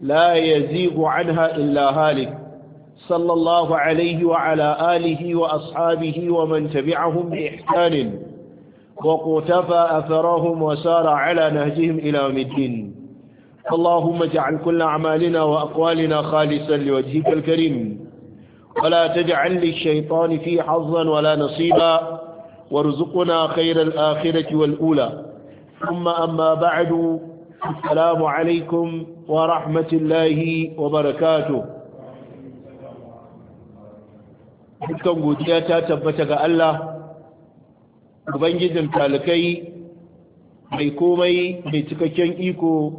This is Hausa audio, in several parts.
لا يزيغ عنها إلا هالك صلى الله عليه وعلى آله وأصحابه ومن تبعهم بإحسان وقتفى أثرهم وسار على نهجهم إلى مدين اللهم اجعل كل أعمالنا وأقوالنا خالصا لوجهك الكريم ولا تجعل للشيطان في حظا ولا نصيبا وارزقنا خير الآخرة والأولى ثم أما بعد السلام عليكم ورحمة الله وبركاته dukkan godiya ta tabbata ga Allah ubangijin talakai mai komai mai cikakken iko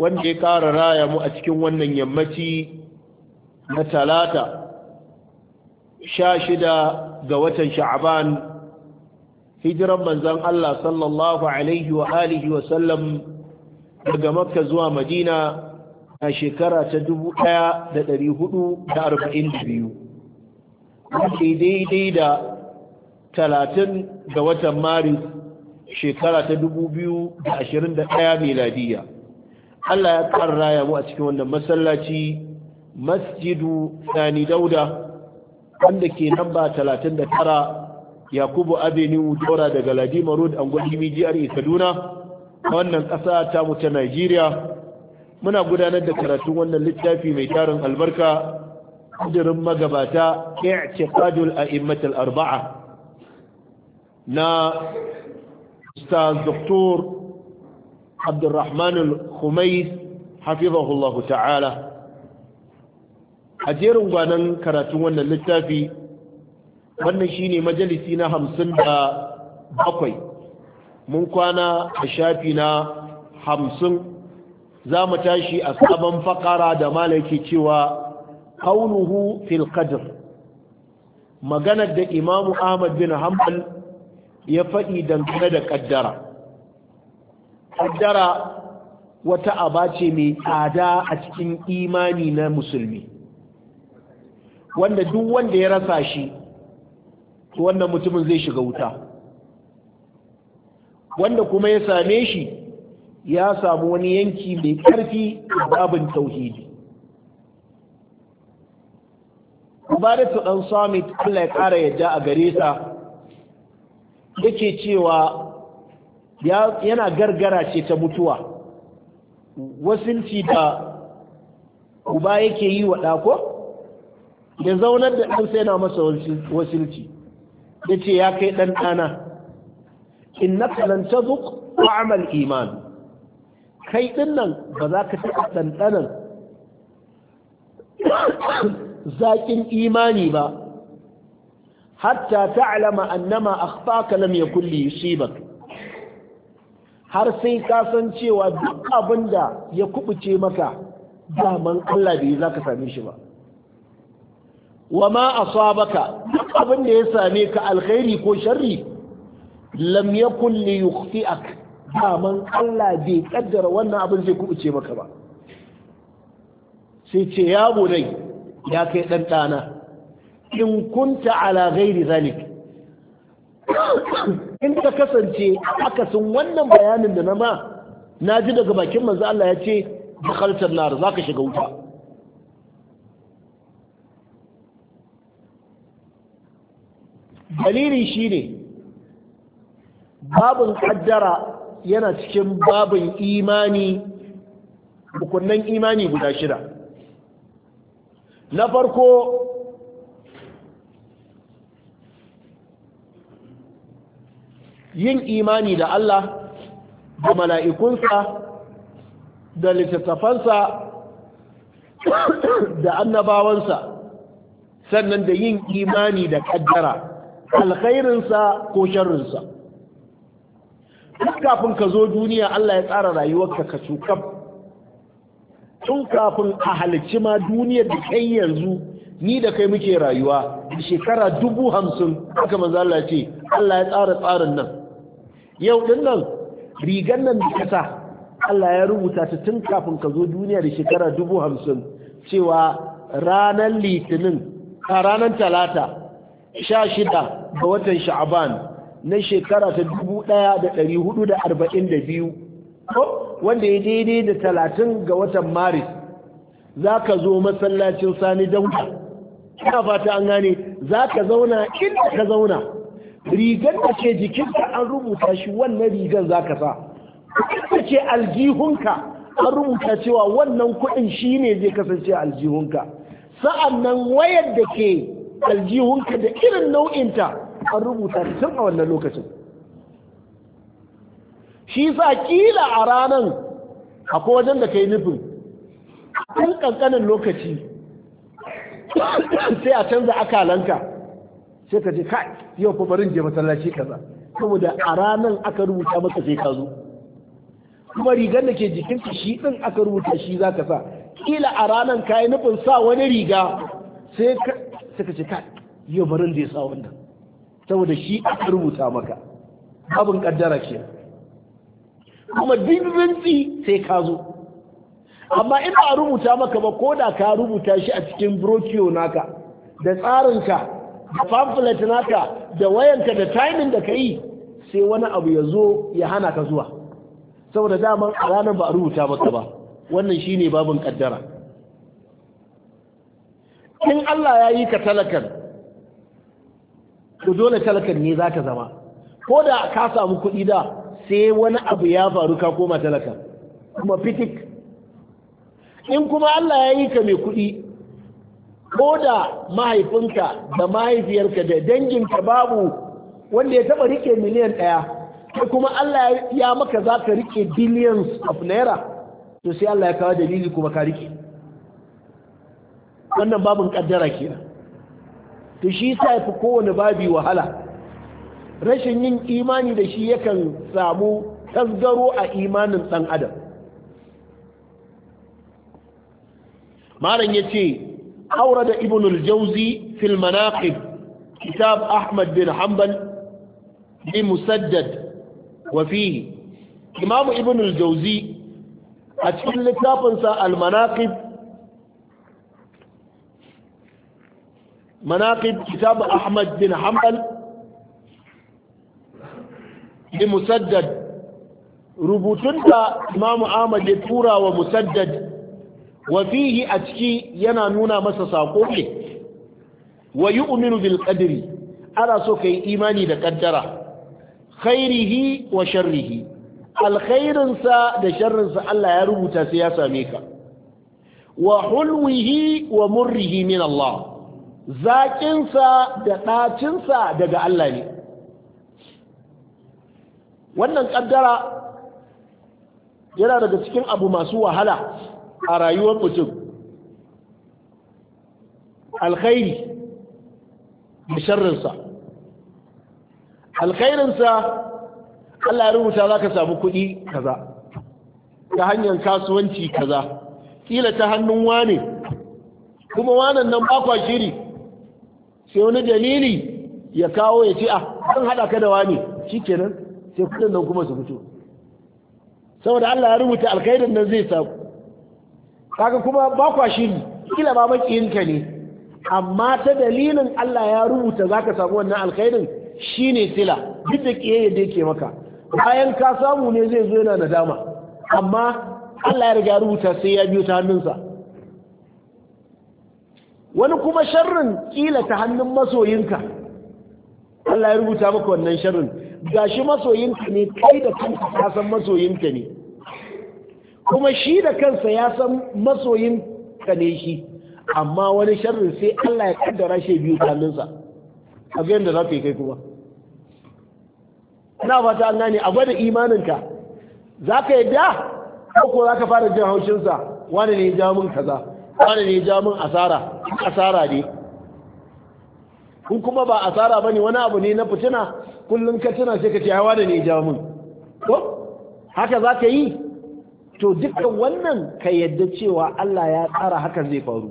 wanda ya ƙara raya mu a cikin wannan yammaci na talata sha shida ga watan sha'aban hijiran manzan Allah sallallahu alaihi wa alihi wa sallam daga makka zuwa madina a shekara ta 1442 daidai da 30 ga watan maris shekara ta 2021 Ladiya, Allah ya karra ya mu a cikin wannan masallaci masjidu sani dauda wanda ke namba tara. yakubu avenue dora daga ladima road angwajimi jihar kaduna wannan ƙasa ta mutu ta nigeria muna gudanar da karatun wannan littafi mai tarin albarka ƙudurin magabata i'tiqadul a'immatul arba'a na ustaz doktor abdurrahman khumais hafizahullahu ta'ala a jerin gwanan karatun wannan littafi wannan shi ne majalisi na hamsin da bakwai mun kwana a shafi na hamsin za mu tashi a sabon fakara da malaki cewa kaunuhu fil qadr maganar da imamu ahmad bin hanbal ya faɗi dangane da ƙaddara ƙaddara wata aba ce mai tsada a cikin imani na musulmi wanda duk wanda ya rasa shi to wannan mutumin zai shiga wuta wanda kuma ya same shi ya samu wani yanki mai ƙarfi babin tauhidi Ubadatu ɗan Samit Allah ya ƙara yadda a gare sa yake cewa yana gargara ce ta mutuwa wasinci da uba yake yi wa ɗako ya zaunar da ɗansa yana masa wasilci yace ya kai dan dana innaka lan tazuq ta'am iman kai din nan ba za ka taɓa ɗanɗanan zaƙin imani ba hatta ta'lama annama akhtaka lam yakul li yusibak har sai ka san cewa duk abinda ya kubuce maka daman Allah bai zaka ka same shi ba wa ma asabaka duk abin da ya same ka alkhairi ko sharri lam yakun li yukhti'ak daman Allah bai kaddara wannan abin zai kubuce maka ba sai ce ya bunai ya kai dan in kunta ala ghairi zalik in ka kasance akasin wannan bayanin da na ma na ji daga bakin manzo Allah ya ce dakhaltar nar zaka shiga wuta dalili shine babin kaddara yana cikin babin imani hukunnan imani guda shida na farko yin imani da Allah da mala'ikunsa da littattafansa da annabawansa sannan da yin imani da kaddara alkhairinsa ko sharrinsa Tun kafin ka zo duniya Allah ya tsara rayuwarka ka cukab tun kafin a halicci ma duniyar da kai yanzu ni da kai muke rayuwa Da shekara dubu hamsin aka manzo Allah ce Allah ya tsara tsarin nan yau din nan rigan nan da kasa Allah ya rubuta ta tun kafin ka zo duniya da shekara dubu hamsin cewa ranar litinin a ranar talata sha shida ga watan sha'aban na shekara ta dubu ɗaya da ɗari hudu da arba'in da biyu wanda ya daidai da talatin ga watan maris za ka zo masallacin sani dauda ina fata an gane za ka zauna inda ka zauna rigar da ke jikinka an rubuta shi wannan rigar za ka sa da ke aljihunka an rubuta cewa wannan kuɗin shi ne zai kasance aljihunka sa'annan wayar da ke aljihunka da irin nau'inta an rubuta ta tun a wannan lokacin shi sa kila a ranar akwai wajen da ka yi nufin tun ƙanƙanin lokaci sai a canza akalanka sai ka je kai yau fi barin je masallaci kaza saboda a ranar aka rubuta maka sai ka zo kuma rigar da ke jikinka shi ɗin aka rubuta shi za ka sa kila a ranar ka yi nufin sa wani riga sai suka ce ka yau barin da ya sa wannan saboda shi aka rubuta maka abin kaddara ke kuma dindinci sai ka zo amma in ba rubuta maka ba ko da ka rubuta shi a cikin brochure naka da tsarinka da pamphlet naka da wayanka da timing da ka yi sai wani abu ya zo ya hana ka zuwa saboda daman a ranar ba a rubuta maka ba wannan shine babin kaddara in Allah ya yi ka talakan ku dole talakan ne za ka zama ko da ka samu kuɗi da sai wani abu ya faru ka koma talakan kuma fitik in kuma Allah ya yi ka mai kuɗi ko da mahaifinka da mahaifiyarka da danginka babu wanda ya taɓa rike miliyan ɗaya sai kuma Allah ya maka za ka rike billions of naira to sai Allah ya kawo dalili kuma ka rike wannan babin kaddara kenan to shi sa fi kowane babi wahala rashin yin imani da shi yakan samu tasgaro a imanin ɗan adam malam ya ce aure da ibnul jauzi fil manaqib kitab ahmad bin hanbal bi musaddad wa fihi imamu ibnul jauzi a cikin littafinsa al manaqib مناقب كتاب Ahmad بن حنبل لمسدد rubutun da imamu ahmad ya tura wa musaddad wa a ciki yana nuna masa sako wa yu'minu bil qadri ana so ka yi imani da ƙaddara. khairihi wa sharrihi alkhairin da sharrinsa Allah ya rubuta sai ya same ka wa hulwihi wa murrihi min Allah zaƙinsa da ɗacinsa daga Allah ne wannan ƙaddara yana daga cikin abu masu wahala a rayuwar mutum alkhairi da sharrinsa alkhairinsa Allah ya rubuta za ka samu kuɗi kaza ta hanyar kasuwanci kaza kila ta hannun wane kuma wanan nan bakwa shiri sai wani dalili ya kawo ya ce a ah, an haɗa ka da wani shi kenan sai kudin nan kuma su fito saboda Allah ya rubuta alkaidan nan zai samu kaga kuma ba kwa shiri kila ba makiyinka ne amma ta dalilin Allah ya rubuta zaka samu wannan shi ne sila duk da kiyaye da yake maka bayan ka samu ne zai zo yana nadama amma Allah ya riga rubuta sai ya biyo ta hannunsa wani kuma sharrin kila ta hannun masoyinka Allah ya rubuta maka wannan sharrin gashi masoyinka ne kai da kanka ka san masoyinka ne kuma shi da kansa ya san masoyinka ne shi amma wani sharrin sai Allah ya kaddara shi biyu kaninsa a ga yadda za ka yi kai kuma ina fata an gane a gwada imaninka za ka yadda ko ko za ka fara jin haushinsa wani ne ya ja min kaza wani ne ja min asara asara ne kuma ba asara ne, wani abu ne na fitina kullum ka tuna sai ka ce hawa da ne ja min ko haka za ka yi to dukkan wannan ka yadda cewa Allah ya tsara haka zai faru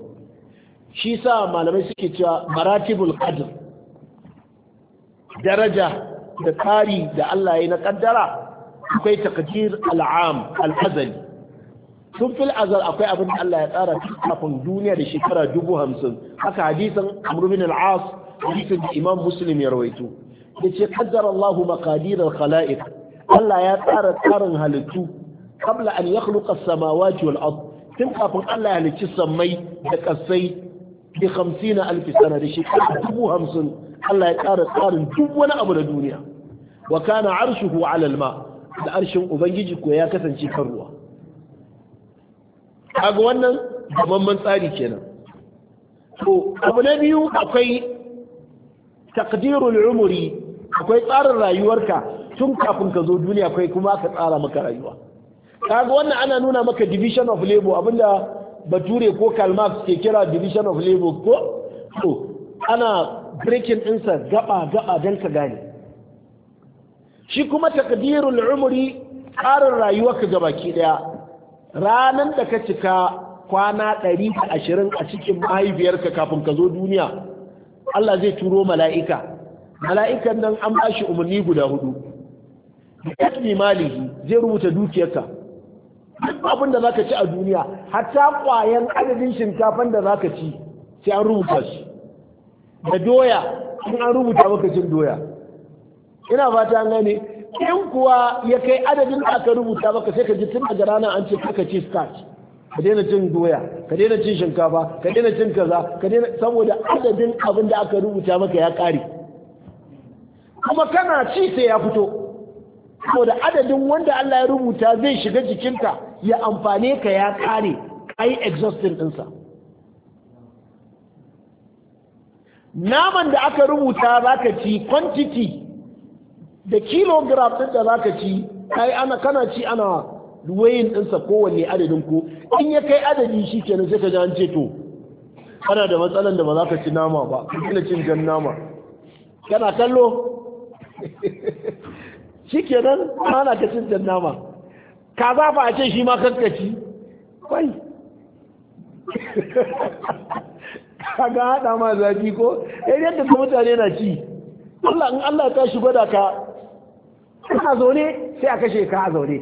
shi sa malamai suke cewa maratibul qadr daraja da tsari da Allah ya na kaddara akwai taqdir al'am al'azali sun fil azal akwai abin da Allah ya tsara kafin duniya da shekara dubu hamsin haka hadisin amru bin al-as hadisin da imam muslim ya rawaito ya ce qaddara Allahu maqadir al-khalaiq Allah ya tsara tsarin halittu qabla an yakhluqa as-samawati wal ard tun kafin Allah ya halicci sammai da kasai bi 50 sana da shekara dubu hamsin Allah ya tsara tsarin duk wani abu na duniya wa kana arshuhu ala al-ma da arshin ubangiji ko ya kasance kan ruwa kaga wannan gamamman tsari kenan to abu na biyu akwai takdirul umuri akwai tsarin rayuwarka tun kafin ka zo duniya akwai kuma aka tsara maka rayuwa kaga wannan ana nuna maka division of labor abinda bature ko Karl ke kira division of labor ko to ana breaking insa gaba gaba don ka gane shi kuma takdirul umuri tsarin rayuwarka gabaki daya ranan da ka cika kwana ɗari da ashirin a cikin mahaifiyarka kafin ka zo duniya Allah zai turo mala'ika mala'ikan nan an ba shi umarni guda hudu bi malihi zai rubuta dukiyarka abin da za ka ci a duniya hatta kwayan adadin shinkafan da za ka ci sai an rubuta shi da doya in an rubuta maka cin doya ina fata an gane in kuwa ya kai adadin da aka rubuta maka sai ka ji tun daga rana an ce ka ci starch ka daina cin doya ka daina cin shinkafa ka daina cin kaza ka daina saboda adadin abin da aka rubuta maka ya kare kuma kana ci sai ya fito saboda adadin wanda Allah ya rubuta zai shiga jikinka ya amfane ka ya kare kai exhaustin ɗinsa naman da aka rubuta za ka ci quantity da kilogram ɗin da zaka ci kai ana kana ci ana wayin ɗinsa kowanne adadin ko in ya kai adadi shi kenan sai ka ji an ce to kana da matsalan da ba za ka ci nama ba kana cin jan nama kana kallo shi kenan ana ka cin jan nama ka za fa a ce shi ma kankaci kwai kaga haɗa ma zafi ko yadda ka mutane na ci Allah in Allah ta tashi gwada ka kana zaune sai a kashe ka a zaune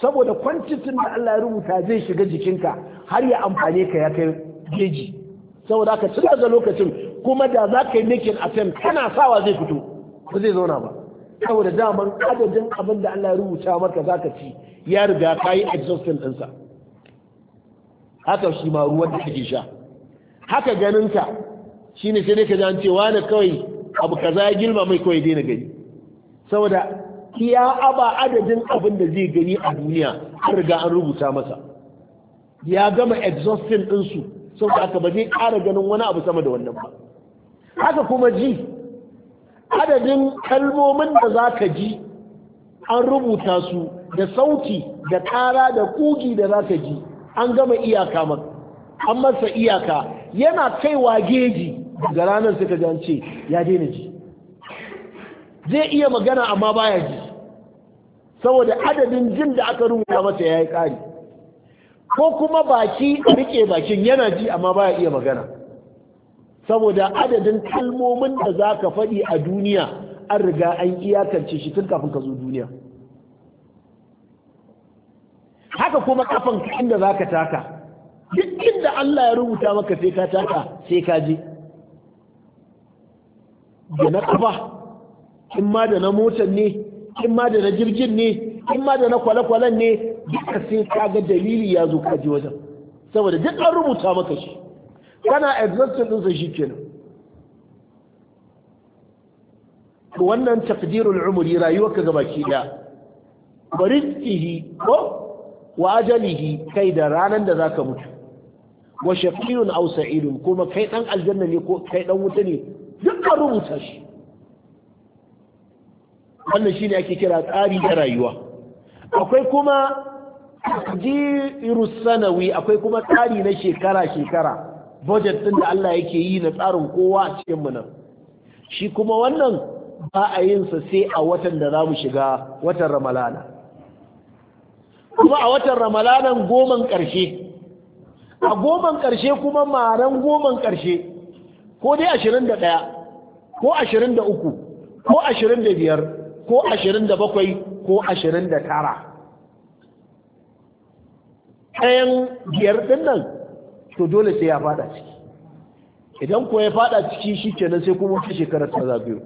saboda kwantitin da Allah ya rubuta zai shiga jikinka har ya amfane ka ya kai geji saboda haka tun daga lokacin kuma da za ka yi a attempt kana sawa zai fito ba zai zauna ba saboda daman adadin abin da Allah ya rubuta maka za ka ci ya riga ka yi exhaustion ɗinsa haka shi ma ruwan da kake sha haka ganin ganinka shine sai dai ka ji an ce wani kawai abu kaza ya girmama mai kawai daina gani saboda ya aba adadin abin da zai gani a duniya an riga an rubuta masa ya gama exhaustion ɗinsu saboda haka ba zai ƙara ganin wani abu sama da wannan ba haka kuma ji adadin kalmomin da za ka ji an rubuta su da sauti da ƙara da ƙugi da za ka ji an gama iyaka maka an masa iyaka yana kaiwa geji Garanan ranar suka ji ce ya daina ji zai iya magana amma baya ji saboda adadin jin da aka rubuta masa ya yi ƙari ko kuma baki a riƙe bakin yana ji amma baya iya magana saboda adadin kalmomin da za ka faɗi a duniya an riga an iyakance shi tun kafin ka zo duniya haka kuma kafin inda za ka taka duk inda Allah ya rubuta maka sai ka taka sai ka je da na kafa in ma da na motar ne in ma da na jirgin ne in ma da na kwale-kwalen ne duka sai ka ga dalili ya zo kaji wajen saboda duk an rubuta maka shi kana exhausted ɗinsa shi kenan wannan takdirul umri ke da. daya barizqihi ko wa kai da ranar da za ka mutu wa shaqiyun aw sa'idun kuma kai dan aljanna ne ko kai ɗan wuta ne duk a rubuta shi wannan shi ne ake kira tsari da rayuwa akwai kuma jiru sanawi akwai kuma tsari na shekara-shekara budget ɗin da Allah yake yi na tsarin kowa a cikin mu nan shi kuma wannan ba a yin sa sai a watan da za mu shiga watan ramalana kuma a watan Ramalana goman ƙarshe a goman ƙarshe kuma maran goman ƙarshe ko dai ashirin da ɗaya ko ashirin da uku ko ashirin da biyar ko ashirin da bakwai ko ashirin da tara ɗayan biyar ɗin nan to dole sai ya fada ciki idan ko ya fada ciki shi kenan sai kuma wata shekarar ta zagayo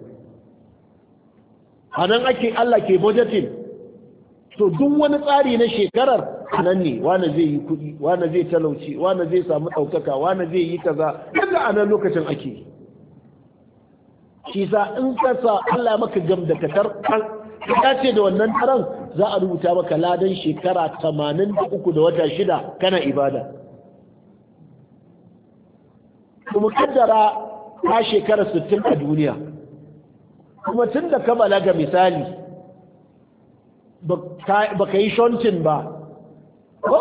a nan ake allah ke budgeting to duk wani tsari na shekarar nan ne wane zai yi kuɗi wane zai talauci wane zai samu ɗaukaka wane zai yi kaza a nan lokacin ake yi shi sa in ka sa Allah maka gam da katar ka ce da wannan taron za a rubuta maka ladan shekara tamanin da uku da wata shida kana ibada kuma kaddara ta shekara sittin a duniya kuma tun da ka balaga misali ba ka yi shontin ba ko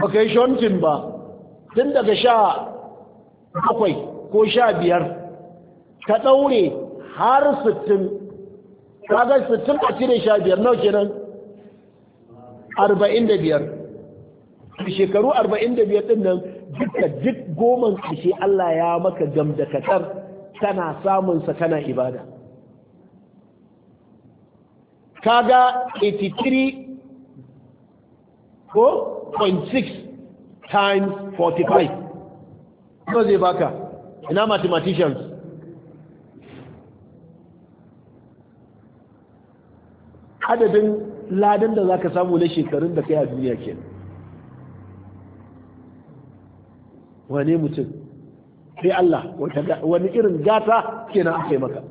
ba ka yi shontin ba tun daga sha bakwai ko sha biyar ka ɗaure har sittin ƙagar sittin a cire sha biyar nau kenan arba'in da biyar shekaru arba'in da biyar ɗin nan duka duk goman ƙarshe Allah ya maka tana samun samunsa kana ibada kaga 83 ko 0.6 times 45 ko zai baka ina mathematicians adadin ladin da za ka samu na shekarun da yi a duniya ke wane mutum sai Allah wani irin gata na aka yi maka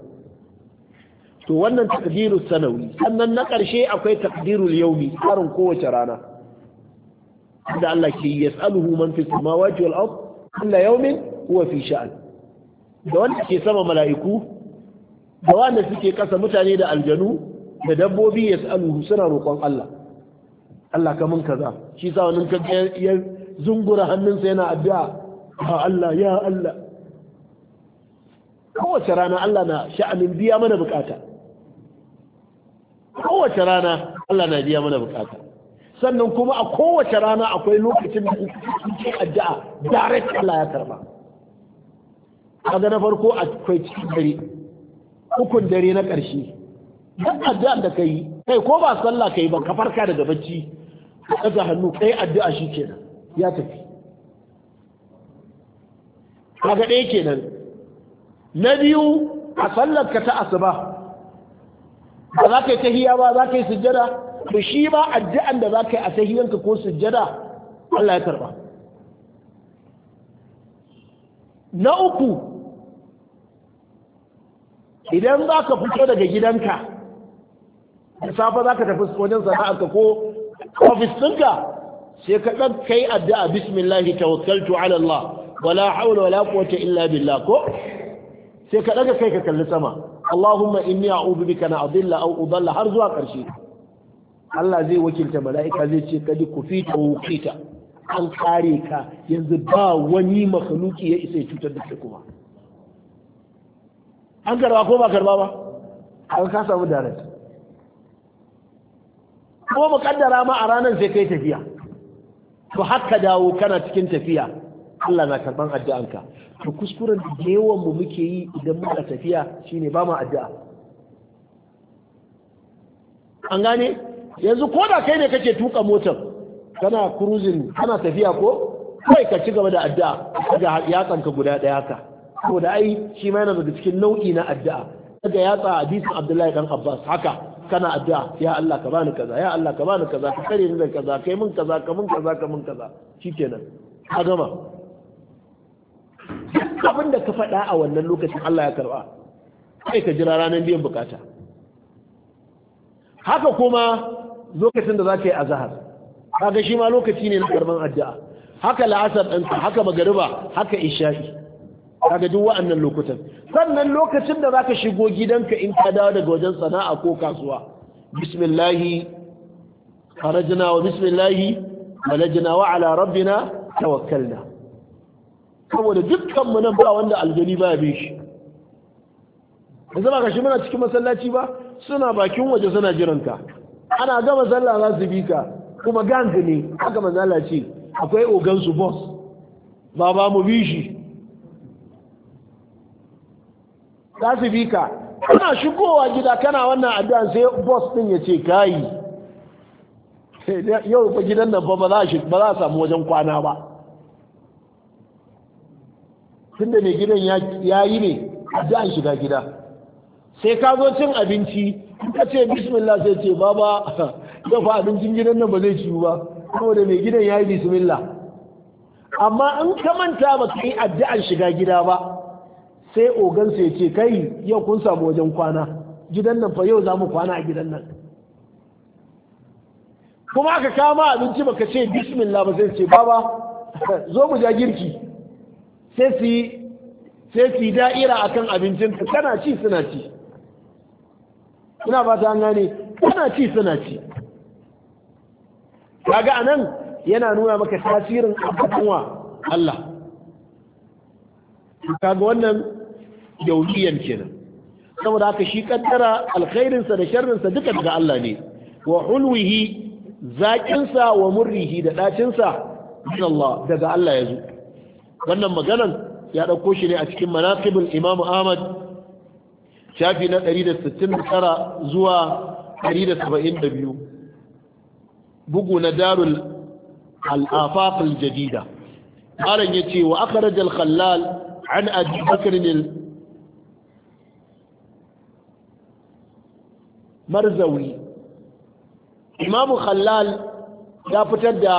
to wannan takdiru sanawi sannan na ƙarshe akwai takdirul yaumi ƙarin kowace rana da Allah ke yas'aluhu man fi samawati wal ard kulla yawmin huwa fi sha'an da wanda ke sama mala'iku da wanda suke kasa mutane da aljanu da dabbobi yas'aluhu suna roƙon Allah Allah ka mun kaza shi sa wannan kaga ya zungura hannunsa yana addu'a ya Allah ya Allah kowace rana Allah na sha'anin biya mana bukata kowace rana Allah na biya mana bukata sannan kuma a kowace rana akwai lokacin da kuke addu'a direct Allah ya karba kaga na farko akwai cikin dare hukun dare na ƙarshe duk addu'a da kai kai ko ba sallah kai ba ka farka daga bacci ka daga hannu kai addu'a shi kenan ya tafi kaga ɗaya kenan na biyu a sallar ka ta asuba ba za ka yi tahiya ba za ka yi sujjada to shi ba addu'an da za ka yi a sahiyanka ko sujjada Allah ya karba na uku idan za ka fito daga gidanka da safe za ka tafi wajen sana'arka ko ofis ɗinka sai ka ɗan kai addu'a bismillahi tawakkaltu ala Allah wala haula wala quwwata illa billah ko sai ka ɗaga kai ka kalli sama Allahumma inni a'udhu bika na adilla aw udalla har zuwa ƙarshe Allah zai wakilta mala'ika zai ce kadi ku fita wukita an kare ka yanzu ba wani makhluki ya isa cutar da kuma an karba ko ba karba ba an ka samu darat ko kaddara ma a ranar sai kai tafiya to haka dawo kana cikin tafiya Allah na karban addu'anka to kuskuren da yawan mu muke yi idan muka tafiya shine ba mu addu'a an gane yanzu ko da kai ne kake tuka motar kana cruising kana tafiya ko kai ka ci gaba da addu'a ga ka guda daya ka ko da ai shi ma yana daga cikin nau'i na addu'a daga yatsa hadisi Abdullahi dan Abbas haka kana addu'a ya Allah ka bani kaza ya Allah ka bani kaza ka kare ni daga kaza kai mun kaza ka mun kaza ka mun kaza shikenan ka gama abin da ka faɗa a wannan lokacin Allah ya karba kai ka jira ranar biyan bukata haka kuma lokacin da za ka yi zahar, kaga shi ma lokaci ne na karban addu'a haka la'asar ɗansa haka magariba haka isha'i kaga duk wa'annan lokutan sannan lokacin da za ka shigo gidanka in ka dawo daga wajen sana'a ko kasuwa bismillahi kharajna wa bismillahi walajna wa ala rabbina tawakkalna saboda dukkanmu mu nan ba wanda aljani ba bai shi yanzu ba kashi muna cikin masallaci ba suna bakin waje suna jiran ka ana gama sallah za su bi ka kuma gang ne haka manzala ce akwai ogan su boss ba mu bi shi za su bi ka kana shigowa gida kana wannan addu'a sai boss din ya ce kai yau fa gidan nan ba ba za a samu wajen kwana ba tunda mai gidan ya yi ne addu'an shiga gida sai ka zo cin abinci ka ce bismillah sai ce baba yau fa abincin gidan nan ba zai ciwu ba saboda mai gidan ya yi bismillah amma in ka manta ba ka yi addu'ar shiga gida ba sai ogan sai ce kai yau kun samu wajen kwana gidan nan fa yau za mu kwana a gidan nan kuma aka kama abinci baka ce bismillah ba sai ce baba zo mu ja girki sai su yi da'ira akan abincin kana ci suna ci Suna ba ta gane suna ci suna ci kaga anan yana nuna maka tasirin abubuwa Allah kaga wannan yauliyan kenan saboda haka shi kaddara alkhairinsa da sharrinsa duka daga Allah ne wa hulwihi zaƙinsa wa murrihi da ɗacinsa min Allah daga Allah ya zo wannan maganan ya ɗauko shi ne a cikin manaqibul Imam Ahmad shafi na 169 zuwa 172 bugu na darul al al'afaf al-jadida malam yace wa akhraj al-khallal an abi bakr marzawi imamu khallal ya fitar da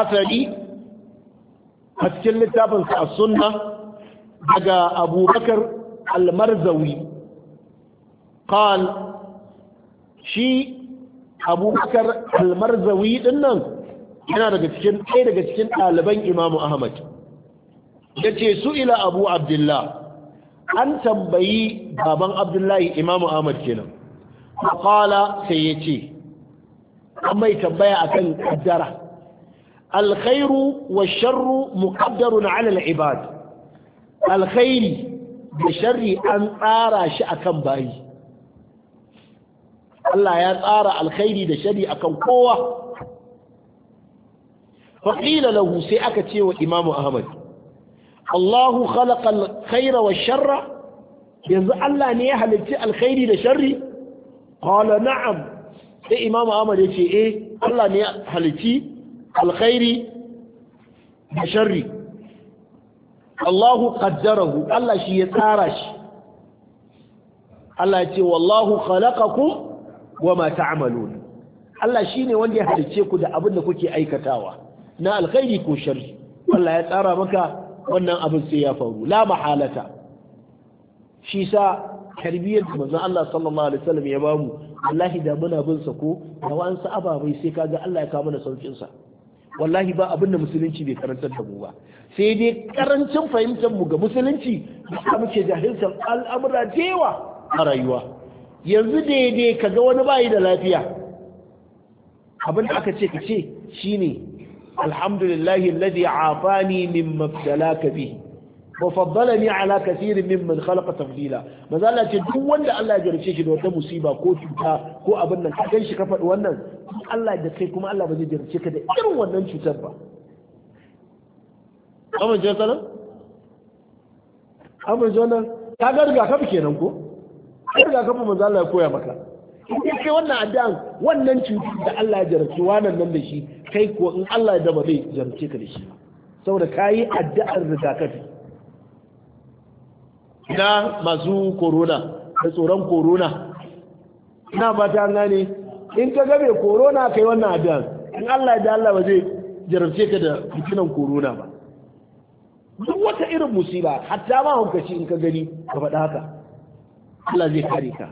asali a cikin littafinsa a sunna daga abubakar almarzawi qal shi abubakar almarzawi din nan yana daga cikin ɗaya daga cikin ɗaliban imamu ahmad da ce su ila abu abdullah an tambayi baban abdullahi imamu ahmad kenan qala sai ya ce an mai tambaya akan kaddara alkhairu wa sharru muƙaddarun ala al-ibad alkhairi da sharri an tsara shi akan bayi Allah ya tsara alkhairi da shari akan kowa faƙila lahu sai aka ce wa Imam ahmad Allahu khalaqa khaira sharra yanzu Allah ne ya halitti alkhairi da sharri qala na'am sai Imam ahmad ya ce eh Allah ne ya halitti alkhairi da sharri Allahu qaddarahu Allah shi ya tsara shi Allah ya ce wallahu khalaqakum wama ta'malun Allah shine wanda ya halice ku da abin da kuke aikatawa na alkhairi ko sharri Allah ya tsara maka wannan abin sai ya faru la mahalata shi sa tarbiyyar da Allah sallallahu alaihi wasallam ya bamu wallahi da muna bin sa ko da wa'ansu ababai sai kaga Allah ya kawo mana saukin sa wallahi ba abin da musulunci bai karantar da mu ba sai dai karancin fahimtar mu ga musulunci da muke jahiltar al'amura jewa a rayuwa yanzu daidai kaga wani bayi da lafiya abin da aka ce ka ce shine alhamdulillahi alladhi afani min btalaka bihi wa faddalani ala kathirin mimman khalaqa tafdila maza Allah ce duk wanda Allah ya jarce shi da wata musiba ko cuta ko abin nan ka shi ka faɗi wannan Allah da kai kuma Allah ba jarce ka da irin wannan cutar ba amma je sanan amma je nan ka ga riga ya koya kai wannan addu'an wannan cutar da Allah ya jarce wannan nan da shi kai ko in Allah ya da zai jarce ka da shi saboda kayi addu'ar rigakafi na masu corona da tsoron corona na ta gane in ka gabe corona kai wannan addu'a in Allah ya Allah ba zai jarabce ka da fitinan corona ba duk wata irin musiba hatta ma hankaci in ka gani ka faɗa haka Allah zai kare ka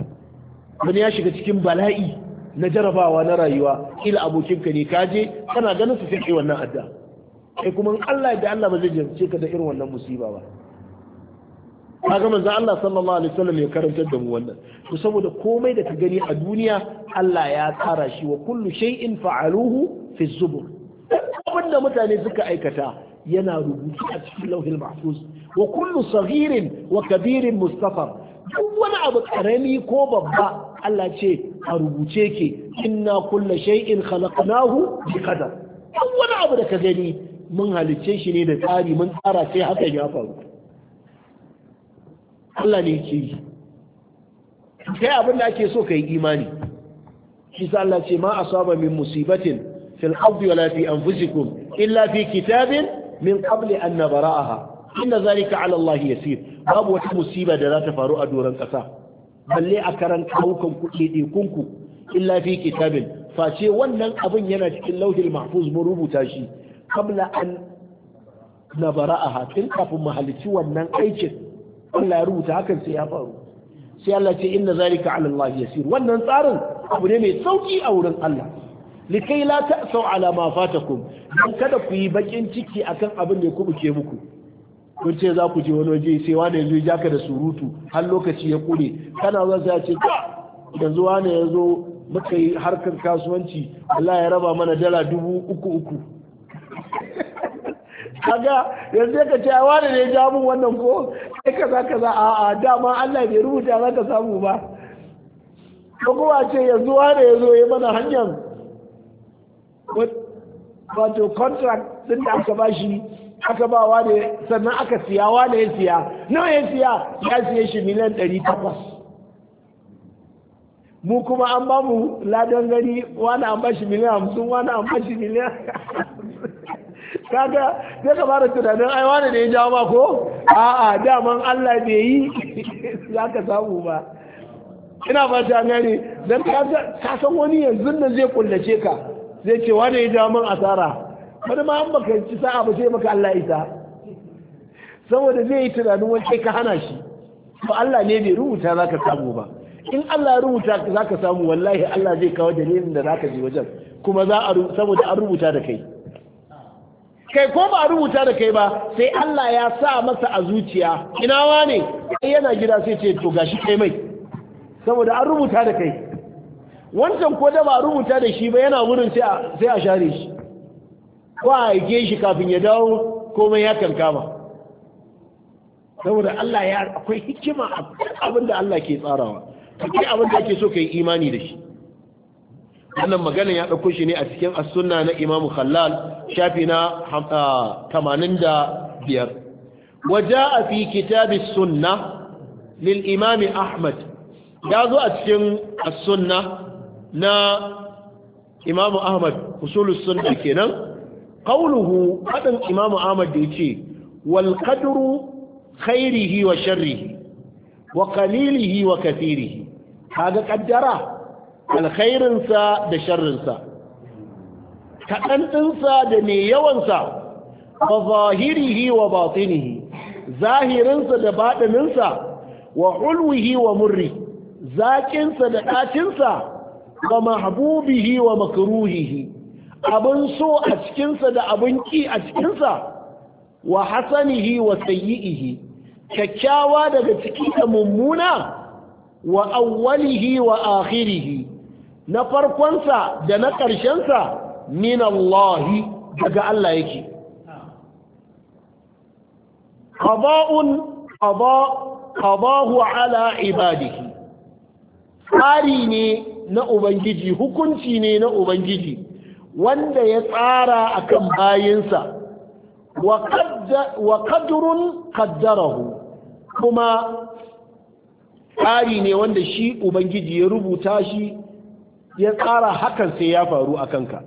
wani ya shiga cikin bala'i na jarabawa na rayuwa kila abokinka ne ka je kana ganin su sai wannan addu'a kai kuma in Allah ya Allah ba zai jarabce ka da irin wannan musiba ba kaga manzo Allah sallallahu alaihi wasallam ya karantar da mu wannan to saboda komai da ka gani a duniya Allah ya tsara shi wa kullu shay'in fa'aluhu fi zubur abinda mutane suka aikata yana rubutu a cikin lauhil mahfuz wa kullu saghirin wa kabirin mustafar duk wani abu karami ko babba Allah ce a rubuce ke inna kulla shay'in khalaqnahu bi qadar duk wani abu da ka gani mun halicce shi ne da tsari mun tsara sai haka ya faru Allah ne ke yi kai abin da ake so ka yi imani shi Allah ce ma asaba min musibatin fil ardi wala fi anfusikum illa fi kitabin min qabli an Inda inna zalika ala Allah yasir babu wata musiba da za ta faru a doron ƙasa. balle a karan kawukan ku ɗaiɗaikunku illa fi kitabin face wannan abin yana cikin lauhin mahfuz mun rubuta shi qabla an nabara'aha tun kafin mu halicci wannan aikin Allah ya rubuta hakan sai ya faru sai Allah ce inna zalika ala Allah yasir wannan tsarin abu ne mai sauki a wurin Allah likai la ta'sau ala ma fatakum dan kada ku yi bakin ciki akan abin da ya buke muku kun ce za ku je wani waje sai wani yanzu ya ka da surutu har lokaci ya kure kana zuwa sai ya ce yanzu wani ya zo muka yi harkar kasuwanci Allah ya raba mana dala dubu uku uku kaga yanzu ka ce wani ne ya wannan ko kaza kaza a a dama Allah bai rubuta za ka samu ba ko kuma ce yanzu da ya zo ya mana hanyar wato contract din da aka bashi aka ba wa wane sannan aka siya wa da ya siya nawa ya siya ya siya shi miliyan ɗari takwas mu kuma an ba mu ladan gari wani an bashi miliyan hamsin wani an bashi miliyan kaga zai ka fara tunanin ai wani ne ya jawo ma ko da daman Allah bai yi za ka samu ba ina ba ta gani dan ka san wani yanzu nan zai kullace ka zai ce wani ya jawo min asara wani ma an baka ci sa'a ba sai maka Allah ita saboda zai yi tunanin wani ka hana shi to Allah ne bai rubuta za ka samu ba in Allah ya rubuta za ka samu wallahi Allah zai kawo dalilin da za ka je wajen kuma za a saboda an rubuta da kai kai ko ba rubuta da kai ba sai Allah ya sa masa a zuciya ina wane kai yana gida sai ce to gashi kai mai saboda an rubuta da kai wancan ko da ba rubuta da shi ba yana wurin sai a share shi ko a aike shi kafin ya dawo komai ya kankama saboda Allah ya akwai hikima abinda Allah ke tsarawa kake abin da ake so kai imani da shi wannan maganin ya ɗauko shi ne a cikin as na Imam Khallal shafi na ah, Waje a fi kitab sunna lil imami Ahmad ya zo a cikin as-sunna na Imam Ahmad usul sunna kenan qawluhu hadan Imam Ahmad da yace wal qadru khairihi wa sharrihi wa kalilihi wa kathirihi kaga kaddara alkhairinsa da sharrinsa Kaɗanɗinsa da me yawansa wa zahirihi wa batinihi zahirinsa da baɗininsa wa ulwihi wa murri zaƙinsa da ɗacinsa wa mahbubihi wa makruhihi Abun so a cikinsa da abun ki a cikinsa wa hasanihi wa sayyi'ihi kyakkyawa daga ciki da mummuna wa awwalihi wa akhirihi na farkonsa da na ƙarshensa min Allahi daga Allah yake qada'un qadahu ala ibadihi tsari ne na ubangiji hukunci ne na ubangiji wanda ya tsara a kan bayinsa wa qadrun qaddarahu kuma tsari ne wanda shi ubangiji ya rubuta shi ya tsara hakan sai ya faru a kanka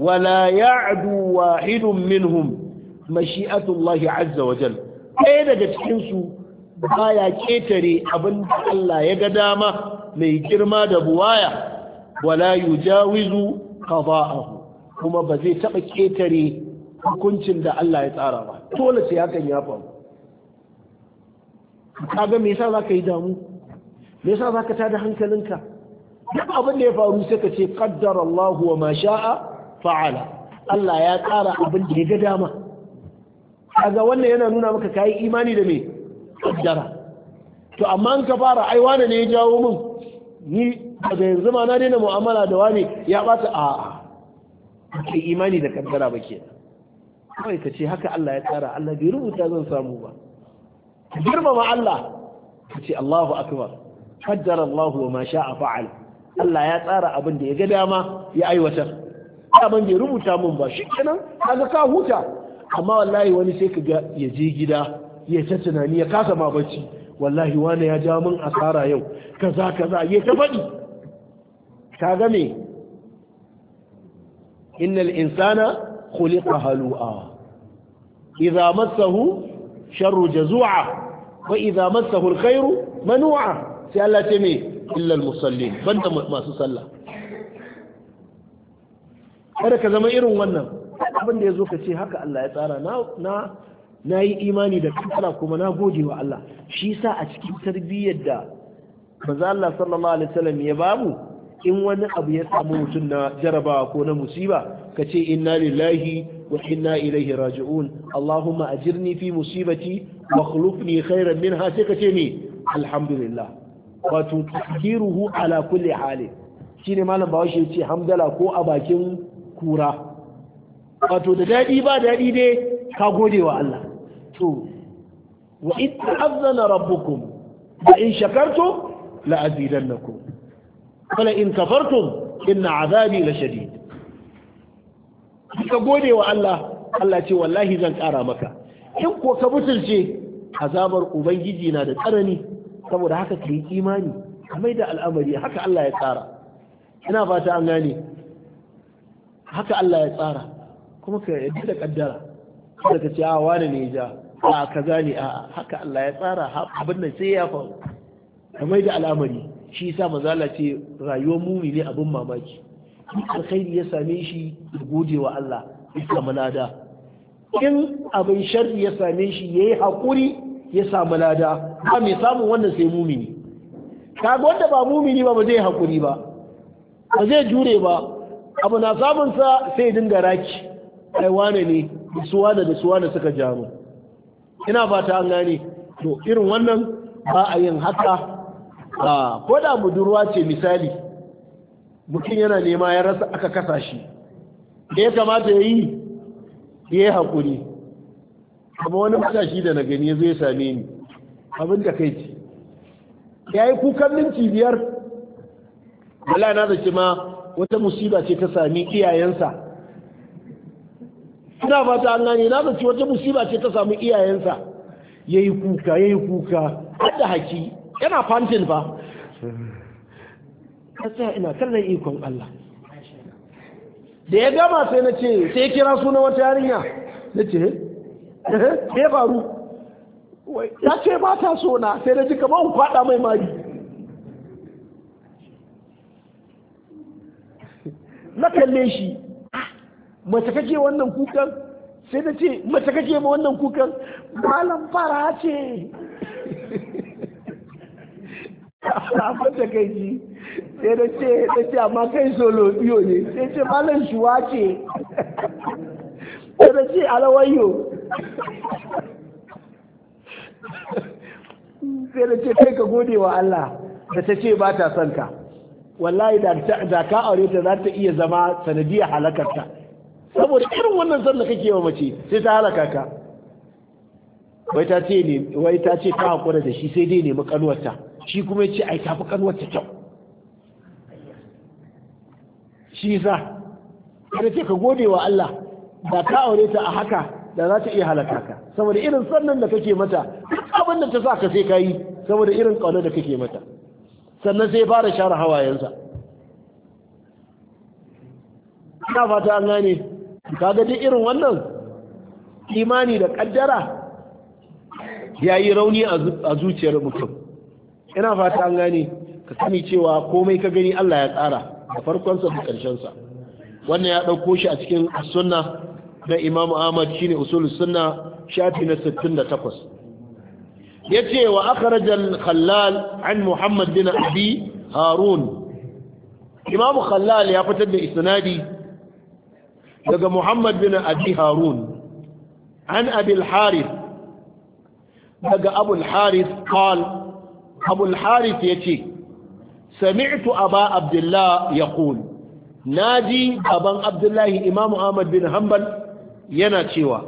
wala ya'du wahidun minhum mashi'atullahi azza wa jal ɗaya daga cikin su baya ketare abin da Allah ya ga dama mai girma da buwaya wala yujawizu qada'ahu kuma ba zai taba ketare hukuncin da Allah ya tsara ba dole sai hakan ya faru kaga me yasa zaka yi damu me yasa zaka tada hankalinka duk abin da ya faru sai ka ce qaddara Allah wa ma sha'a fa'ala Allah ya tsara abin da ya ga dama kaga wannan yana nuna maka kai imani da me kaddara. to amma in ka fara ai wane ne ya jawo min ni daga yanzu ma na daina mu'amala da wani ya bata a a kai imani da kaddara ba ke kawai ka ce haka Allah ya tsara Allah bai rubuta zan samu ba girmama Allah ka ce Allahu akbar qaddara Allahu wa ma sha'a fa'ala Allah ya tsara abin da ya ga dama ya aiwatar daman bai rubuta mun ba shi kenan kaga ka huta amma wallahi wani sai ga ya je gida ya ta tunani ya kasa ma bacci wallahi wani ya ja mun asara yau kaza kaza ya ta faɗi ga me innal insana khuliqa halu'a idza massahu sharru jazua wa idza massahu alkhairu manu'a sai Allah ce me illal musallin banda masu sallah kada ka zama irin wannan abin da ya zo ka ce haka Allah ya tsara na na yi imani da ala kuma na gode wa Allah shi sa a cikin tarbiyyar da manzo Allah sallallahu alaihi wasallam ya bamu in wani abu ya samu mutum na jarabawa ko na musiba ka ce inna lillahi wa inna ilaihi raji'un Allahumma ajirni fi musibati wa khulufni khairan minha sai ka ce ni alhamdulillah wato takiruhu ala kulli hali shine malam bawashi ya ce hamdala ko a bakin kura wato da daɗi ba daɗi dai ka gode wa Allah to wa in ta'azzana rabbukum ba in shakartum la azidannakum Kala in kafartum inna azabi la shadid ka gode wa Allah Allah ce wallahi zan kara maka in ko ka butulce azabar ubangiji na da tsanani saboda haka ka yi imani kamar da al'amari haka Allah ya tsara ina fata an gane haka Allah ya tsara kuma ka yi da kaddara kada ka ce a wani ne ja a ka gane a haka Allah ya tsara abin nan sai ya faru kamar da al'amari shi sa maza Allah ce rayuwar mumi ne abin mamaki in alkhairi ya same shi ya gode wa Allah ya samu in abin sharri ya same shi ya yi haƙuri ya samu lada ba mai samun wannan sai mumini kaga wanda ba mumini ba ba zai hakuri ba ba zai jure ba abu na samun sa sai dinga raki ai ne ne suwa da suwa da suka jaru ina fata an gane to irin wannan ba a yin haka a ko budurwa ce misali mutum yana nema ya rasa aka kasa shi da ya kamata ya yi ya yi haƙuri amma wani matashi da na gani zai same ni abin da kai ce ya yi kukan minti biyar wala na zaci ma wata musiba ce ta sami iyayensa ina ba ta gane na zaci wata musiba ce ta sami iyayensa ya yi kuka ya yi kuka da haki yana fantin fa kasa ina kallon ikon Allah da ya gama sai na ce sai kira suna wata yarinya na ce eh? ke eh, faru ya ce ba ta so na sai da jika ban kwada mai mari na kalle shi mace kake wannan kukan sai da ce mace kake ma wannan kukan malam fara ce A da kai ji sai da ce da ce amma kai solo biyo ne sai ce malam shuwa ce sai da ce alawayo sai da ce kai ka gode wa Allah da ta ce ba ta son ka wallahi da ka aure ta za ta iya zama sanadiyar halakarta saboda irin wannan son da kake wa mace sai ta halaka ka wai ta ce ne wai ta ce ta hakura da shi sai dai ne kalwarta shi kuma ya ce ai tafi kalwarta kyau shi sa da ce ka gode wa Allah da ka aure ta a haka da za ta iya halaka ka saboda irin sannan da kake mata duk abin da ta sa ka sai kayi saboda irin ƙaunar da kake mata sannan sai fara share hawayensa ina fata an gane Ka ga duk irin wannan imani da kaddara ya yi rauni a zuciyar mutum ina fata an gane ka sani cewa komai ka gani Allah ya tsara da farkonsa da ƙarshensa wannan ya ɗauko shi a cikin sunna na imam ahmad shine usul sunna shafi na 68 yace wa akhraj al khallal an muhammad bin abi harun imam khallal ya fitar da isnadi daga muhammad bin abi harun an abi al harith daga abu al harith qal abu al harith yace سمعت أبا عبد الله يقول ناجي أبا عبد الله إمام أحمد بن حنبل yana cewa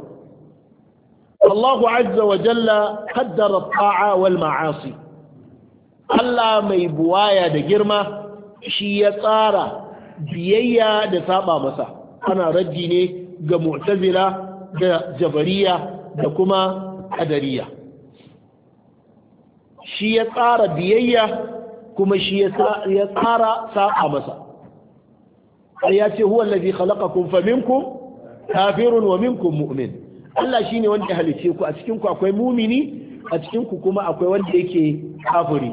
Allahu azza wa jalla qaddara ta'a wal ma'asi Allah mai buwaya da girma shi ya tsara biyayya da saba masa ana raddi ne ga mu'tazila da jabariya da kuma kadariya shi ya tsara biyayya kuma shi tsara saba masa har ya ce huwa allazi khalaqakum faminkum kafirun wa minkum mu'min Allah shine wanda ya halice ku a cikin ku akwai mumini a cikin ku kuma akwai wanda yake kafiri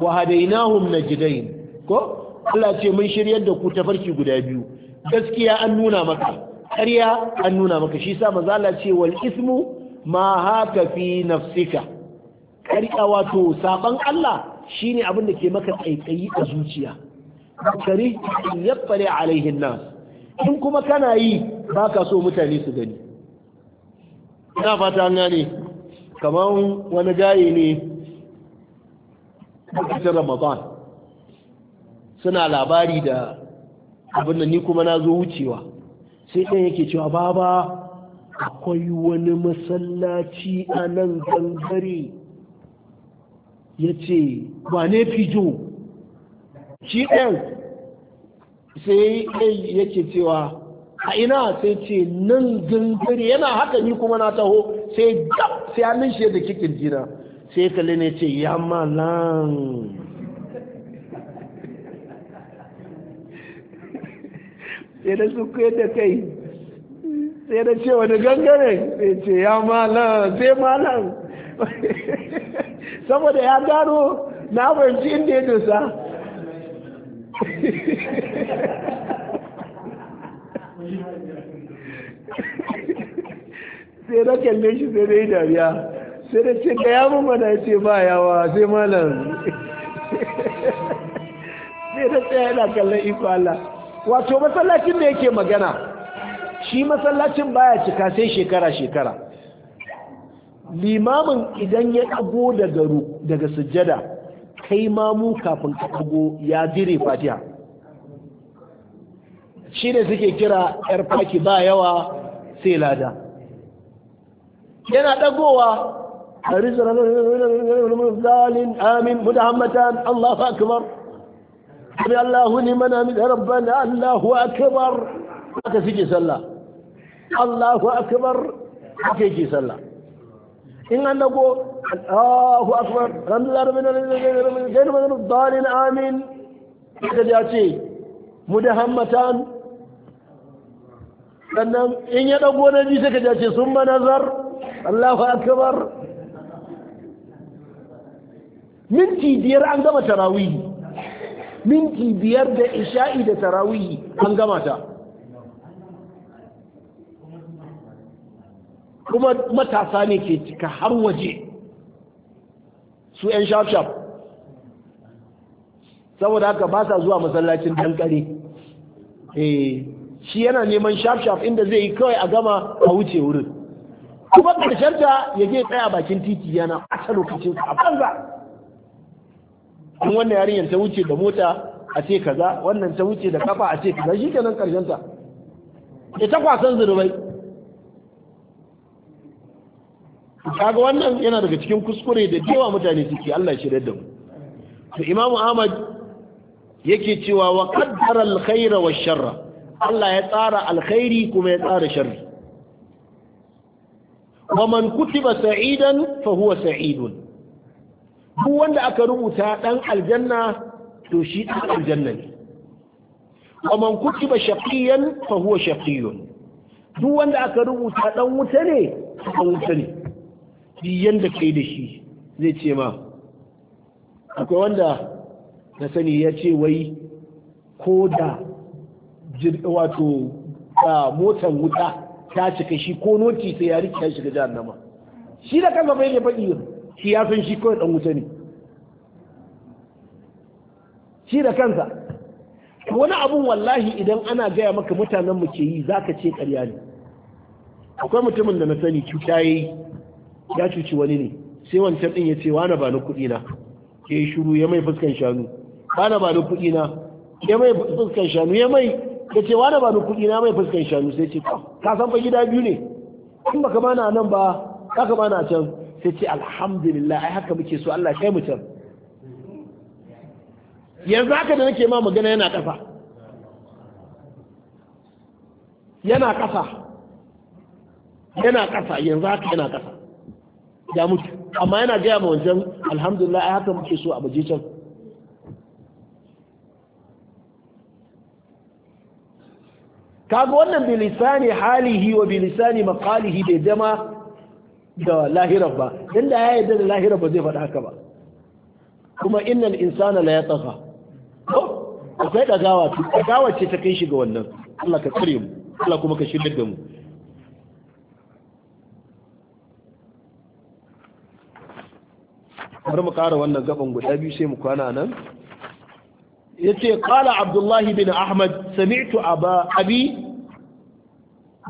wa hadainahum najdain ko Allah ce mun shiryar da ku ta farki guda biyu gaskiya an nuna maka ƙarya an nuna maka shi sa manzo Allah ce wal ismu ma haka fi nafsika ƙarya wato saban Allah shine abin da ke maka tsaitsayi a zuciya kari yaffare alaihin nas in kuma kana yi ba ka so mutane su gani ina fata an gane kamar wani gaye ne lokacin ramadan suna labari da abin da ni kuma na zo wucewa sai ɗan yake cewa baba akwai wani masallaci a nan gangare ya ce ba ne fijo shi ɗan sai yake cewa a ina sai ce nan gangare yana haka ni kuma na taho sai gab sai hannun shi da kikin jina sai kalle ne ce ya malan sai da su da kai sai da ce wani gangare sai ce ya malan sai malan saboda ya gano na fahimci inda ya dusa sai na kalle shi sai na dariya sai na ce ga mun mana ya ce ba yawa sai malam sai na tsaya yana kalle ifala wato masallacin da yake magana shi masallacin baya cika sai shekara-shekara limamin idan ya ɗago daga ru daga sujjada kai mamu kafin ka ɗago ya dire fatiha shi ne suke kira yar faki ba yawa sai lada yana dagowa zalin amin akbar Allahu Allahu akbar sallah Allahu akbar sallah in an dago Allahu akbar zalin amin ya ce sannan in ya dago na sai ka ce sun manazar Allahu akbar minti biyar an gama tarawihi minti biyar da isha'i da tarawihi an gama ta kuma matasa ne ke cika har waje su 'yan shafshaf saboda haka ba sa zuwa masallacin dankali eh shi yana neman shafshaf inda zai yi kawai a gama a wuce wurin kuma ƙarshen ta ya je tsaya bakin titi yana ɓata lokacin a banza in wannan yarinyar ta wuce da mota a ce kaza wannan ta wuce da kafa a ce kaza shi kenan ƙarshen ta ya ta kwasan zurbai kaga wannan yana daga cikin kuskure da dewa mutane suke Allah shi da mu to Imam Ahmad yake cewa wa qaddara al wa wash-sharra Allah ya tsara alkhairi kuma ya tsara sharri ومن كتب سعيدا sa'idan fa huwa sa'idun duk wanda aka rubuta dan aljanna to shi dan aljanna ne ومن كتب شقيا فهو fa huwa shaqiyun duk wanda aka rubuta dan wuta ne dan wuta ne duk yanda kai da shi zai ce ma akwai wanda na sani ya ce wai ko da wato motan wuta ta cika shi ko noti sai ya rike ya shiga jahannama shi da kansa bai ne faɗi shi ya san shi kawai dan wuta ne shi da kansa wani abun wallahi idan ana gaya maka mutanen mu ke yi zaka ce ƙarya ne akwai mutumin da na sani cuta yayi ya cuci wani ne sai wancan din ya ce wani ba na kuɗi na ke shiru ya mai fuskan shanu Ba na ba na kuɗi na ya mai fuskan shanu ya mai ya ce wani ba ni kuɗi na mai fuskan shanu sai ce ka san fa gida biyu ne in baka na nan ba kaka na can sai ce alhamdulillah ai haka muke so Allah kai mu can yanzu haka da nake ma magana yana ƙasa yana ƙasa yana ƙasa yanzu haka yana ƙasa ya mutu amma yana gaya ma wancan alhamdulillah ai haka muke so a baje can kaga wannan bilisani halihi wa bilisani maqalihi bai zama da lahirar ba inda da ya yi da lahirar ba zai faɗa haka ba kuma innal insana la yatagha akwai ɗagawa ce ɗagawa ce ta kai shi ga wannan Allah ka kare mu Allah kuma ka shirye da mu bari mu ƙara wannan gaban guda biyu sai mu kwana nan yace qala abdullahi bin ahmad sami'tu aba abi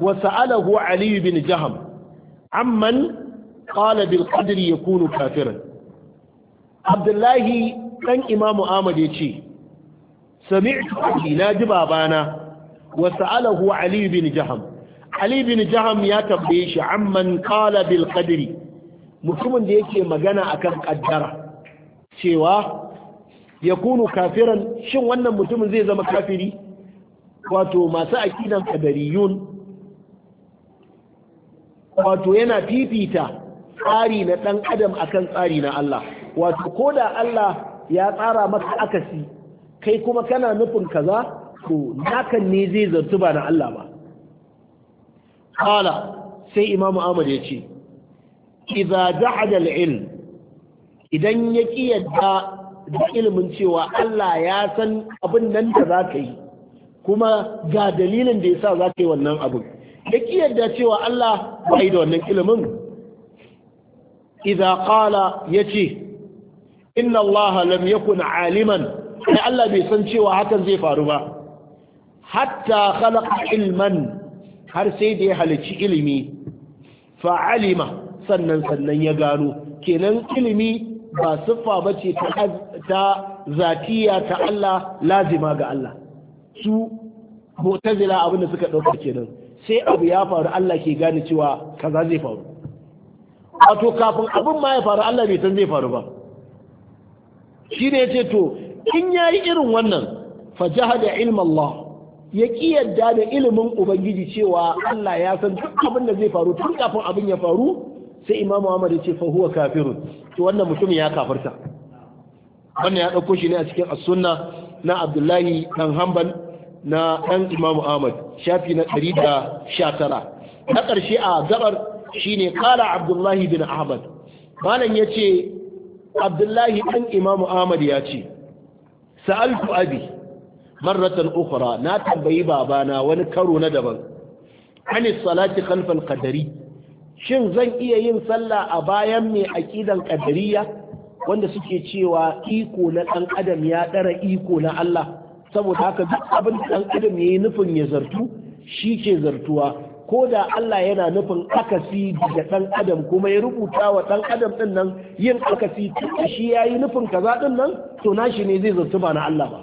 wa sa'alahu ali bin jaham amman qala bil qadri yakunu kafiran abdullahi dan imamu ahmad yace sami'tu abi na ji babana wa sa'alahu ali bin jaham ali bin jaham ya tambaye shi amman qala bil qadri mutumin da yake magana akan kaddara cewa ya kunu kafiran shin wannan mutumin zai zama kafiri wato masu aqidan kadariyun wato yana fifita tsari na dan adam akan tsari na Allah wato ko da Allah ya tsara maka akasi kai kuma kana nufin kaza to nakan ne zai zartu ba na Allah ba qala sai imamu Ahmad ya ce idza da'a al-ilm idan ya kiyarda da ilimin cewa Allah ya san abin nan da za ka yi kuma ga dalilin da ya sa za ka yi wannan abin ya ki yadda cewa Allah ba da wannan ilimin idza qala yace inna Allah lam yakun aliman sai Allah bai san cewa hakan zai faru ba hatta khalaqa ilman har sai da ya halici ilimi fa'alima sannan sannan ya gano kenan ilimi ba siffa ba ce ta zatiya ta Allah lazima ga Allah su mutazila abin da suka ɗauka kenan sai abu ya faru Allah ke gane cewa kaza zai faru wato kafin abin ma ya faru Allah bai san zai faru ba shi ne ce to in ya yi irin wannan fajaha da ilm Allah ya ƙi yadda da ilimin Ubangiji cewa Allah ya san duk abin da zai faru tun kafin abin ya faru sai imamu Ahmad yace fa huwa kafirun to wannan mutum ya kafarta. wannan ya ɗauko shi ne a cikin as-sunna na Abdullahi dan Hanbal na dan imamu Ahmad shafi na 119 na karshe a gabar shine kala Abdullahi bin Ahmad malam yace Abdullahi dan imamu Ahmad ya ce sa'altu abi marratan ukhra na tambayi babana wani karo na daban ani salati khalfal qadari shin zan iya yin sallah a bayan mai aƙidan ƙadariya wanda suke cewa iko na ɗan adam ya ɗara iko na Allah saboda haka duk abin da ɗan adam ya yi nufin ya zartu shi ke zartuwa ko da Allah yana nufin akasi daga ɗan adam kuma ya rubuta wa ɗan adam ɗin nan yin akasi shi ya yi nufin kaza ɗin nan to nashi ne zai zartu ba na Allah ba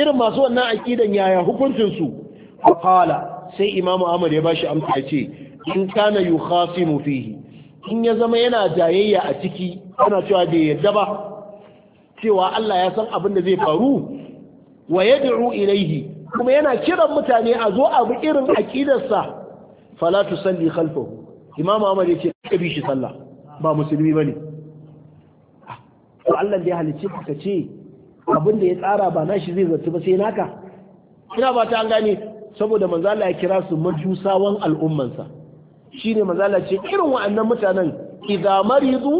irin masu wannan aƙidan yaya hukuncinsu a sai imamu Ahmad ya bashi amsa ya ce in kana yukhasimu fihi in ya zama yana jayayya a ciki yana cewa bai yadda ba cewa Allah ya san abin da zai faru wa yad'u ilayhi kuma yana kiran mutane a zo abu irin aqidarsa fala tusalli khalfahu imam Ahmad yace ka bi shi sallah ba musulmi bane to ah, Allah da ya halicce ka ce abin da ya tsara ba nashi zai zartu ba sai naka ina ba ta an gane saboda manzo Allah ya kira su majusawan al'ummansa shine mazala ce irin wa'annan mutanen idza maridu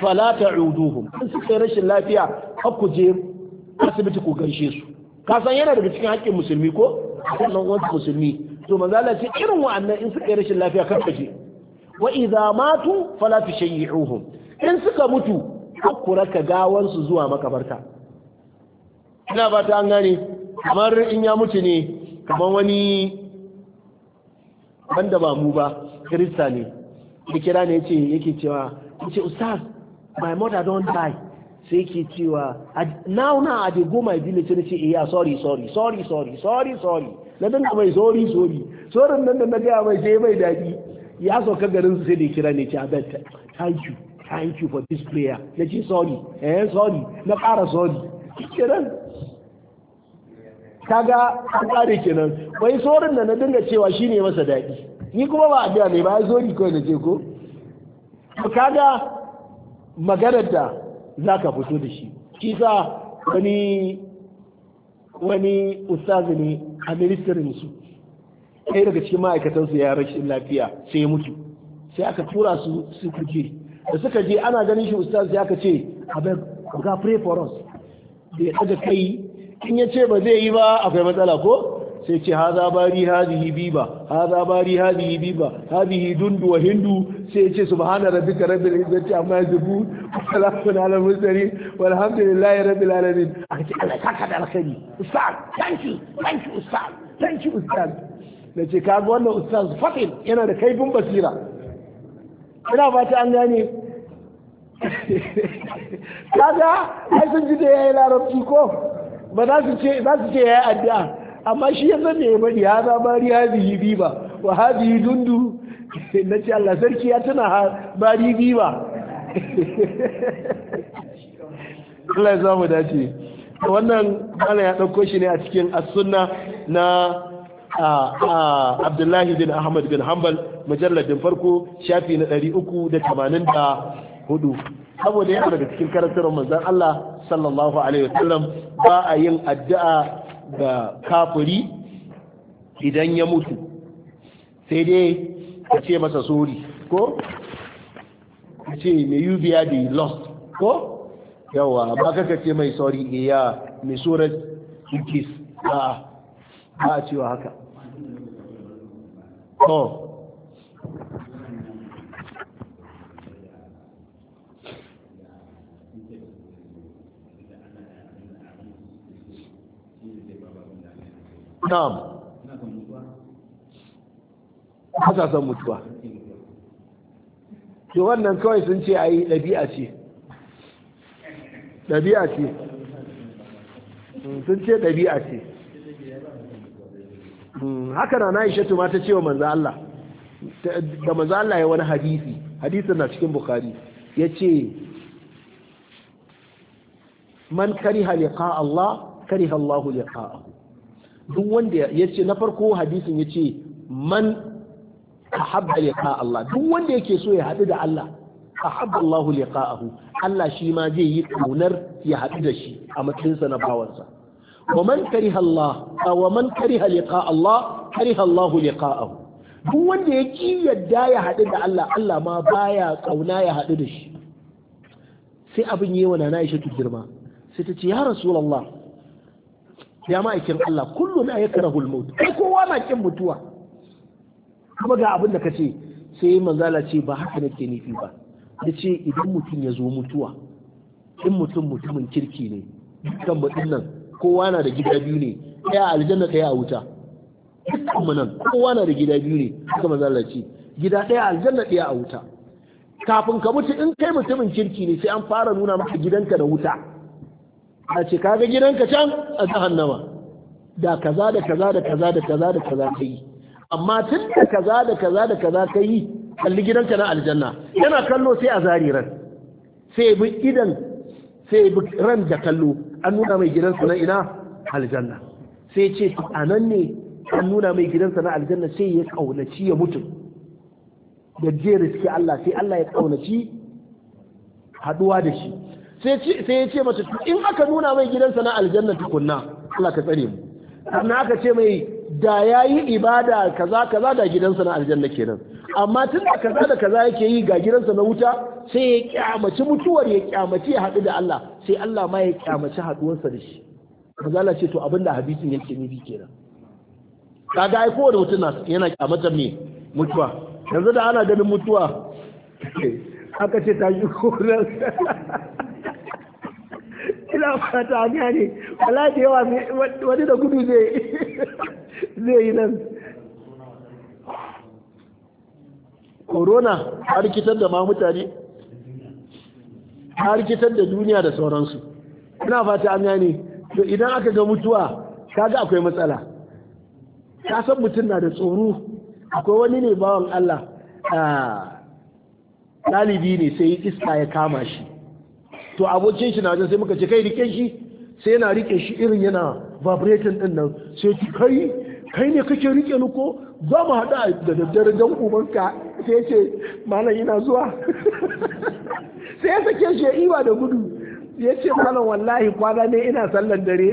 falata ta'uduhum in suka yi rashin lafiya haku je asibiti ku gaishe su Kasan yana daga cikin haƙƙin musulmi ko sannan wasu musulmi to mazala ce irin wa'annan in suka yi rashin lafiya kar ka je wa idza falata fala tushayyi'uhum in suka mutu haku raka gawansu zuwa makabarta ina ba ta an gane kamar in ya mutu ne kamar wani banda ba mu ba kirista ne ya kira ne yace yake cewa yace ustaz my mother don die sai yake cewa now now i dey go my village ne ce eh ah, sorry sorry sorry sorry sorry sorry na dinga mai sorry sorry sorin nan da na gaya mai sai mai daɗi ya sauka garin su sai da kira ne ce abel thank you thank you for this prayer na ce sorry eh sorry na ƙara sorry kiran kaga an ƙare kenan wai sorin da na dinga cewa shine masa daɗi ni kuma ba addu'a ne ba ya kawai na je ko kaga maganar da za ka fito da shi kisa wani wani ustazi ne a ministerin su ɗaya daga cikin ma'aikatansu ya rashin lafiya sai ya mutu sai aka tura su su kuje da suka je ana ganin shi ustazi ya ka ce abin ga pray for us da ya ɗaga kai in ya ce ba zai yi ba akwai matsala ko sai ce haza bari hazihi biba haza bari hazihi biba hazihi dundu wa hindu sai ce su subhana rabbi rabbil ce amma yasifun salamun ya mursalin walhamdulillahi A ka ce Allah saka da alkhairi ustaz thank you thank you ustaz thank you ustaz ka kaga wannan ustaz fatin yana da kaifin basira ina ba ta an gane kaga ai sun ji da yayi larabci ko ba za su ce ya yi addu'a amma shi ya san me bari ya za bari hadihi ba, wa hadihi dundu Na ce Allah sarki ya tana bari ba Allah ya mu dace wannan ala ya ɗauko shi ne a cikin asunna na Abdullahi bin Ahmad bin Hanbal mujalladin farko shafi na 384 saboda yana daga cikin karantarwar manzon Allah sallallahu alaihi wasallam ba a yin addu'a ga kafuri idan ya mutu sai dai ka ce masa sori ko ka ce mai biya da lost ko yawa ba ka ce mai sauri? iya mai surat ikis Ba a cewa haka oh. na'am ba son mutuwa to wannan kawai sun ce a yi ɗabi'a ce ɗabi'a ce sun ce ɗabi'a ce hmm, haka na na ishe tumata ta ce wa manzo Allah da manzo Allah ya wani hadisi hadisin na cikin bukari ya ce man kariha liqa Allah kariha Allah liqa'ahu duk wanda ya ce na farko hadisin ya ce man ahabba liqa Allah duk wanda yake so ya haɗu da Allah ahabba Allah liqa'ahu Allah shi ma zai yi kaunar ya haɗu da shi a matsayinsa na bawansa wa man kariha Allah wa man kariha liqa Allah kariha Allah liqa'ahu duk wanda ya ki yadda ya haɗu da Allah Allah ma baya kauna ya haɗu da shi sai abin yi wa nana Aisha girma sai ta ce ya rasulullah ya ma'aikin Allah kullum ya yakrahul maut kai kowa na kin mutuwa kuma ga abin da kace sai manzala ce ba haka nake nufi ba yace idan mutum ya zo mutuwa in mutum mutumin kirki ne dukkan mu nan kowa na da gida biyu ne ɗaya a aljanna ɗaya a wuta dukkan mu nan kowa na da gida biyu ne haka manzala ce gida ɗaya a aljanna ɗaya a wuta kafin ka mutu in kai mutumin kirki ne sai an fara nuna maka gidanka da wuta a ce kaga gidanka can a jahannama da kaza da kaza da kaza da kaza da kaza ka yi amma tun da kaza da kaza da kaza ka yi kalli gidanka na aljanna yana kallo sai a zari ran sai bi idan sai bi ran da kallo an nuna mai gidansa na ina aljanna sai ce a nan ne an nuna mai gidansa na aljanna sai ya kaunaci ya mutu da je riski Allah sai Allah ya kaunaci haduwa da shi sai ya ce mata in aka nuna mai gidansa na aljanna tukunna Allah ka tsare mu sannan aka ce mai da yayi ibada kaza kaza da gidansa na aljanna kenan amma tun da kaza da kaza yake yi ga gidansa na wuta sai ya kyamaci mutuwar ya kyamaci ya haɗu da Allah sai Allah ma ya kyamaci haɗuwarsa da shi kazala ce to abin da hadisin yake bi kenan kaga ai kowane mutum yana kyamatar me mutuwa yanzu da ana ganin mutuwa aka ce ta yi koran ina fata ne wala da yawa wani da gudu zai yi nan corona har kitar da ma mutane har kitar da duniya da sauransu ina fata an ne, to idan aka ga mutuwa kaga akwai matsala ka san mutum na da tsoro akwai wani ne bawan Allah ah, ɗalibi ne sai iska ya kama shi to abokin shi na wajen sai muka ce kai rike shi sai yana rike shi irin yana vibrating din nan sai ki kai kai ne kake rike ni ko za mu haɗa da daddare dan ubanka sai ya ce malam ina zuwa sai ya sake shi ya iwa da gudu ya ce malam wallahi kwana ne ina sallan dare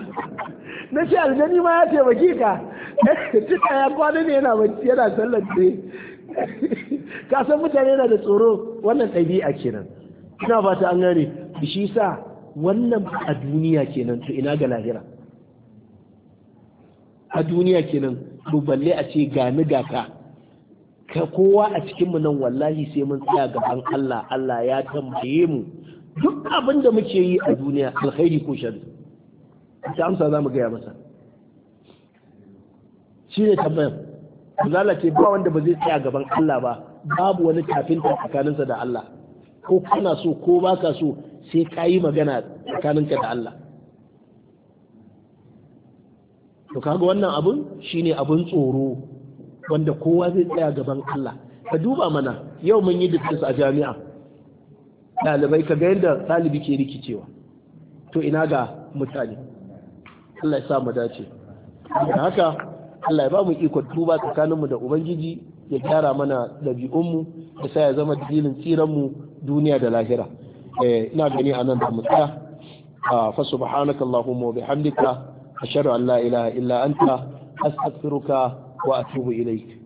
na ce aljani ma ya baki ka tuka ya kwana ne yana yana sallan dare ka mutane na da tsoro wannan ɗabi'a kenan ina ba ta an gane shi sa wannan a duniya kenan to ina ga lahira a duniya kenan to balle a ce ga ni ga ka ka kowa a cikinmu nan wallahi sai mun tsaya gaban Allah Allah ya tambaye mu duk abin da muke yi a duniya alkhairi ko shari ta amsa za mu gaya masa shi ne tambayar zala ce ba wanda ba zai tsaya gaban Allah ba babu wani tafinta tsakaninsa da Allah ko kana so ko ba ka so sai ka yi magana tsakaninka da Allah to kaga wannan abun shine abun tsoro wanda kowa zai tsaya gaban Allah ka duba mana yau mun yi dukkan a jami'a ɗalibai ka ga yadda ɗalibi ke rikicewa to ina ga mutane Allah ya sa mu dace haka Allah ya ba mu iko duba tsakaninmu da ubangiji ya gyara mana ɗabi'unmu ya sa ya zama dalilin tsiranmu duniya da lahira eh, ina gani a nan da mu tsaya ah, fa subhanaka allahumma wa bihamdika ashhadu an la ilaha illa anta astaghfiruka wa atubu ilaik